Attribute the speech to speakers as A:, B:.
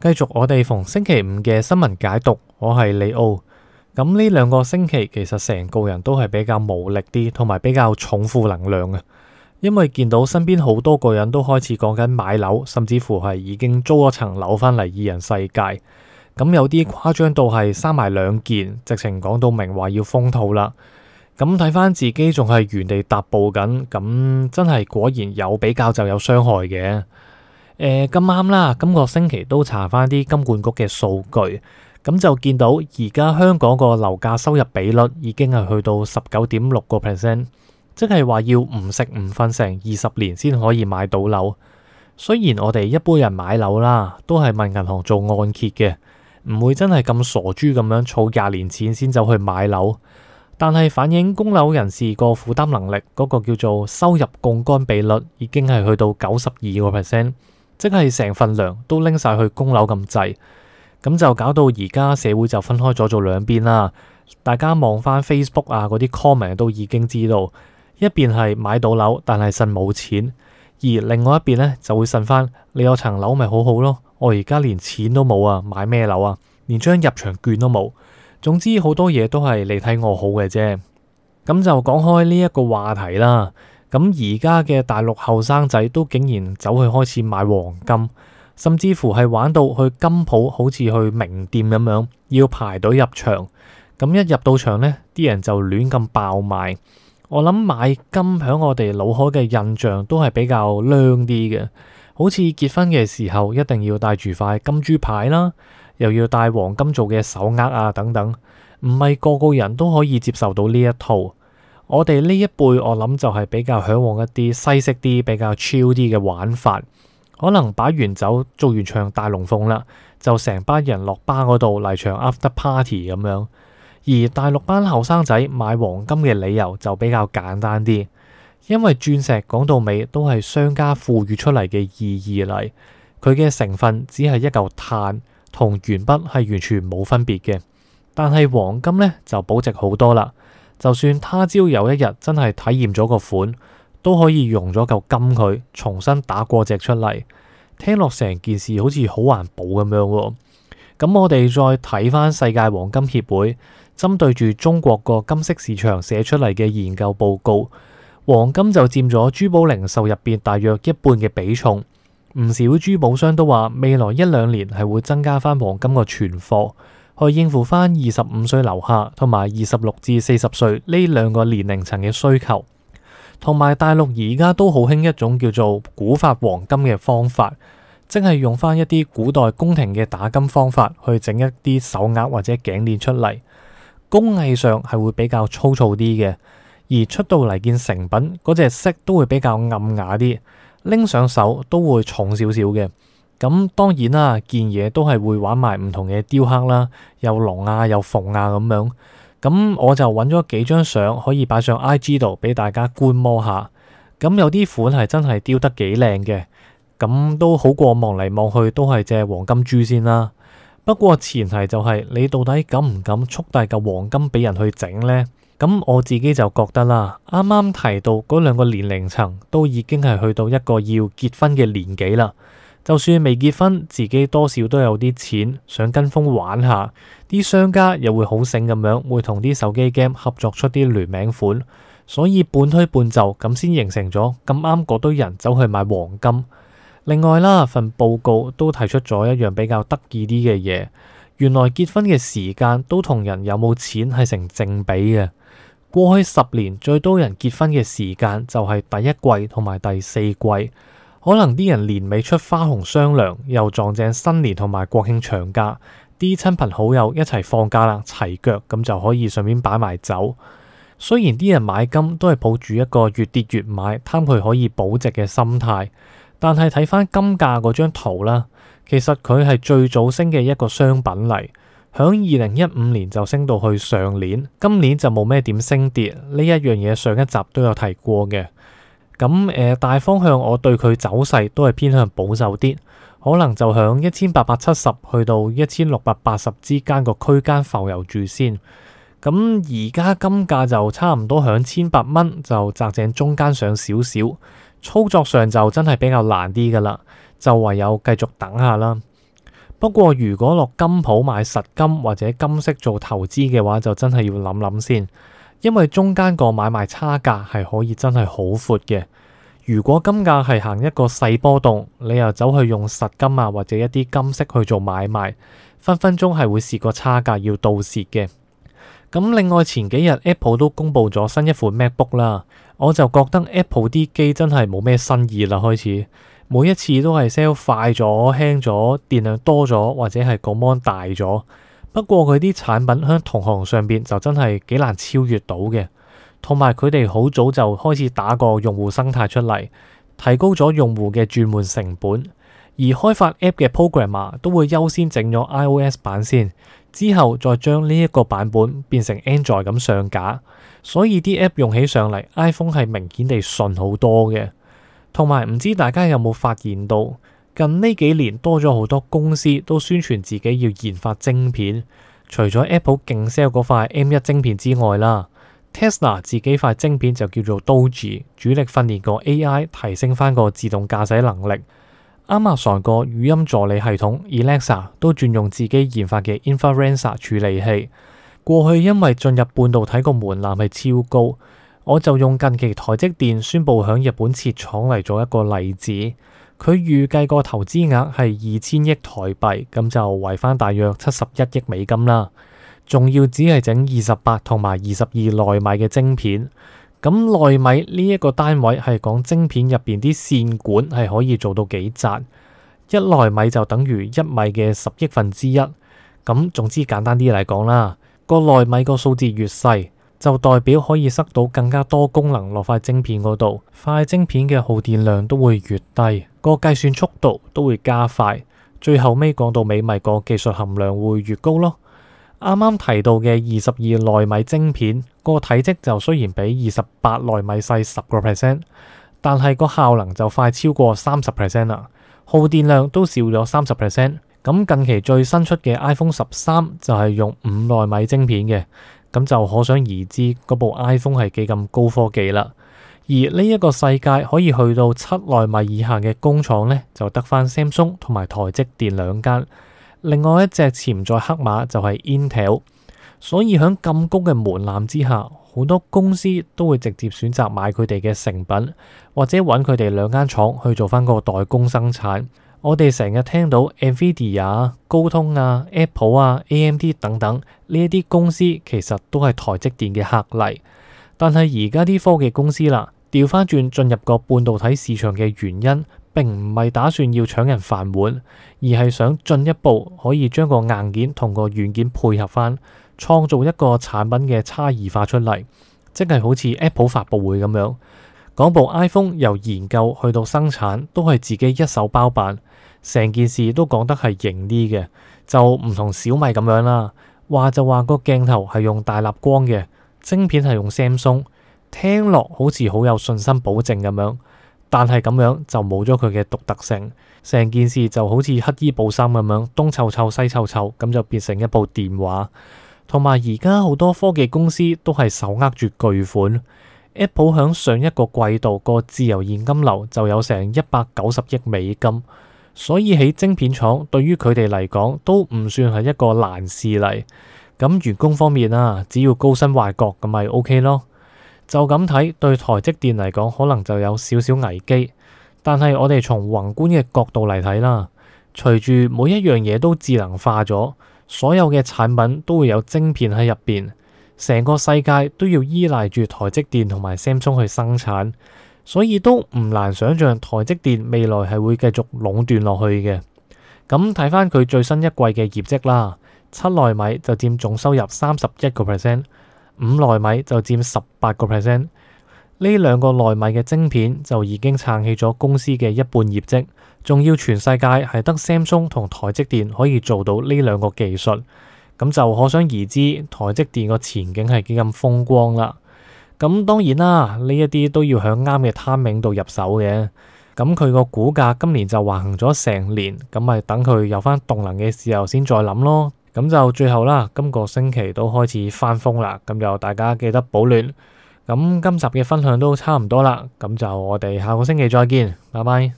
A: 繼續我哋逢星期五嘅新聞解讀，我係李奧。咁呢兩個星期其實成個人都係比較無力啲，同埋比較重負能量啊。因為見到身邊好多個人都開始講緊買樓，甚至乎係已經租咗層樓返嚟二人世界。咁有啲誇張到係生埋兩件，直情講到明話要封肚啦。咁睇翻自己仲係原地踏步緊，咁真係果然有比較就有傷害嘅。誒，咁啱、呃、啦！今、這個星期都查翻啲金管局嘅數據，咁就見到而家香港個樓價收入比率已經係去到十九點六個 percent，即係話要唔食唔瞓成二十年先可以買到樓。雖然我哋一般人買樓啦，都係問銀行做按揭嘅，唔會真係咁傻豬咁樣儲廿年錢先走去買樓，但係反映供樓人士個負擔能力嗰、那個叫做收入槓桿比率已經係去到九十二個 percent。即係成份糧都拎晒去供樓咁滯，咁就搞到而家社會就分開咗做兩邊啦。大家望翻 Facebook 啊嗰啲 comment 都已經知道，一邊係買到樓但係呻冇錢，而另外一邊呢，就會呻翻你有層樓咪好好咯。我而家連錢都冇啊，買咩樓啊？連張入場券都冇。總之好多嘢都係你睇我好嘅啫。咁就講開呢一個話題啦。咁而家嘅大陸後生仔都竟然走去開始買黃金，甚至乎係玩到去金鋪，好似去名店咁樣要排隊入場。咁一入到場呢，啲人就亂咁爆買。我諗買金響我哋腦海嘅印象都係比較靚啲嘅，好似結婚嘅時候一定要戴住塊金豬牌啦，又要戴黃金做嘅手鐲啊等等，唔係個個人都可以接受到呢一套。我哋呢一輩，我諗就係比較嚮往一啲西式啲、比較 chill 啲嘅玩法，可能擺完酒、做完唱大龍鳳啦，就成班人落巴嗰度嚟場 after party 咁樣。而大陸班後生仔買黃金嘅理由就比較簡單啲，因為鑽石講到尾都係商家賦予出嚟嘅意義嚟，佢嘅成分只係一嚿碳同鉛筆係完全冇分別嘅，但係黃金呢就保值好多啦。就算他朝有一日真係睇厭咗個款，都可以用咗嚿金，佢重新打過隻出嚟，聽落成件事好似好環保咁樣喎。咁我哋再睇翻世界黃金協會針對住中國個金色市場寫出嚟嘅研究報告，黃金就佔咗珠寶零售入邊大約一半嘅比重。唔少珠寶商都話未來一兩年係會增加翻黃金個存貨。去應付翻二十五歲樓下同埋二十六至四十歲呢兩個年齡層嘅需求，同埋大陸而家都好興一種叫做古法黃金嘅方法，即係用翻一啲古代宮廷嘅打金方法去整一啲手鐲或者頸鏈出嚟，工藝上係會比較粗糙啲嘅，而出到嚟見成品嗰隻、那個、色都會比較暗啞啲，拎上手都會重少少嘅。咁當然啦，件嘢都係會玩埋唔同嘅雕刻啦，又龍啊，又鳳啊咁樣。咁我就揾咗幾張相可以擺上 IG 度俾大家觀摩下。咁有啲款係真係雕得幾靚嘅，咁都好過望嚟望去都係隻黃金豬先啦。不過前提就係你到底敢唔敢縮大嚿黃金俾人去整呢？咁我自己就覺得啦，啱啱提到嗰兩個年齡層都已經係去到一個要結婚嘅年紀啦。就算未結婚，自己多少都有啲錢，想跟風玩下。啲商家又會好醒咁樣，會同啲手機 game 合作出啲聯名款，所以半推半就咁先形成咗咁啱嗰堆人走去買黃金。另外啦，份報告都提出咗一樣比較得意啲嘅嘢，原來結婚嘅時間都同人有冇錢係成正比嘅。過去十年最多人結婚嘅時間就係第一季同埋第四季。可能啲人年尾出花紅商量，又撞正新年同埋國慶長假，啲親朋好友一齊放假啦，齊腳咁就可以順便擺埋酒。雖然啲人買金都係抱住一個越跌越買、貪佢可以保值嘅心態，但係睇翻金價嗰張圖啦，其實佢係最早升嘅一個商品嚟，響二零一五年就升到去上年，今年就冇咩點升跌。呢一樣嘢上一集都有提過嘅。咁誒、呃、大方向，我對佢走勢都係偏向保守啲，可能就響一千八百七十去到一千六百八十之間個區間浮遊住先。咁而家金價就差唔多響千八蚊，就擲正中間上少少。操作上就真係比較難啲㗎喇，就唯有繼續等下啦。不過如果落金鋪買實金或者金飾做投資嘅話，就真係要諗諗先。因為中間個買賣差價係可以真係好闊嘅，如果金價係行一個細波動，你又走去用實金啊或者一啲金飾，去做買賣，分分鐘係會蝕個差價要倒蝕嘅。咁另外前幾日 Apple 都公布咗新一款 MacBook 啦，我就覺得 Apple 啲機真係冇咩新意啦，開始每一次都係 sell 快咗輕咗電量多咗或者係個 mon 大咗。不過，佢啲產品喺同行上邊就真係幾難超越到嘅，同埋佢哋好早就開始打個用戶生態出嚟，提高咗用戶嘅轉換成本，而開發 app 嘅 programmer 都會優先整咗 iOS 版先，之後再將呢一個版本變成 Android 咁上架，所以啲 app 用起上嚟，iPhone 係明顯地順好多嘅，同埋唔知大家有冇發現到？近呢幾年多咗好多公司都宣傳自己要研發晶片，除咗 Apple 勁 sell 嗰塊 M1 晶片之外啦，Tesla 自己塊晶片就叫做 Dojo，主力訓練個 AI 提升翻個自動駕駛能力。Amazon 個語音助理系統 Alexa 都轉用自己研發嘅 Inferentia 處理器。過去因為進入半導體個門檻係超高，我就用近期台積電宣布響日本設廠嚟做一個例子。佢預計個投資額係二千億台幣，咁就為翻大約七十一億美金啦。仲要只係整二十八同埋二十二奈米嘅晶片。咁奈米呢一個單位係講晶片入邊啲線管係可以做到幾窄？一奈米就等於一米嘅十億分之一。咁總之簡單啲嚟講啦，個奈米個數字越細，就代表可以塞到更加多功能落塊晶片嗰度，塊晶片嘅耗電量都會越低，個計算速度都會加快。最後尾講到，微米個技術含量會越高咯。啱啱提到嘅二十二納米晶片，個體積就雖然比二十八納米細十個 percent，但係個效能就快超過三十 percent 啦，耗電量都少咗三十 percent。咁近期最新出嘅 iPhone 十三就係用五納米晶片嘅。咁就可想而知，部 iPhone 係幾咁高科技啦。而呢一個世界可以去到七納米以下嘅工廠呢，就得翻 Samsung 同埋台積電兩間。另外一隻潛在黑馬就係 Intel。所以喺咁高嘅門檻之下，好多公司都會直接選擇買佢哋嘅成品，或者揾佢哋兩間廠去做翻個代工生產。我哋成日聽到 NVIDIA 啊、高通啊、Apple 啊、AMD 等等呢一啲公司，其實都係台積電嘅客嚟。但係而家啲科技公司啦、啊，調翻轉進入個半導體市場嘅原因，並唔係打算要搶人飯碗，而係想進一步可以將個硬件同個軟件配合翻，創造一個產品嘅差異化出嚟，即係好似 Apple 發布會咁樣，講部 iPhone 由研究去到生產都係自己一手包辦。成件事都講得係型啲嘅，就唔同小米咁樣啦。話就話個鏡頭係用大立光嘅，晶片係用 Samsung。聽落好似好有信心保證咁樣，但係咁樣就冇咗佢嘅獨特性。成件事就好似乞衣布衫咁樣，東湊湊西湊湊，咁就變成一部電話。同埋而家好多科技公司都係手握住巨款，Apple 響上一個季度個自由現金流就有成一百九十億美金。所以喺晶片廠，對於佢哋嚟講，都唔算係一個難事嚟。咁員工方面啊，只要高薪挖角咁咪 OK 咯。就咁睇，對台積電嚟講，可能就有少少危機。但係我哋從宏觀嘅角度嚟睇啦，隨住每一樣嘢都智能化咗，所有嘅產品都會有晶片喺入邊，成個世界都要依賴住台積電同埋 Samsung 去生產。所以都唔難想象台積電未來係會繼續壟斷落去嘅。咁睇翻佢最新一季嘅業績啦，七奈米就佔總收入三十一個 percent，五奈米就佔十八個 percent。呢兩個奈米嘅晶片就已經撐起咗公司嘅一半業績，仲要全世界係得 Samsung 同台積電可以做到呢兩個技術，咁、嗯、就可想而知台積電個前景係幾咁風光啦。咁當然啦，呢一啲都要喺啱嘅 timing 度入手嘅。咁佢個股價今年就橫行咗成年，咁咪等佢有翻動能嘅時候先再諗咯。咁就最後啦，今個星期都開始翻風啦，咁就大家記得保暖。咁今集嘅分享都差唔多啦，咁就我哋下個星期再見，拜拜。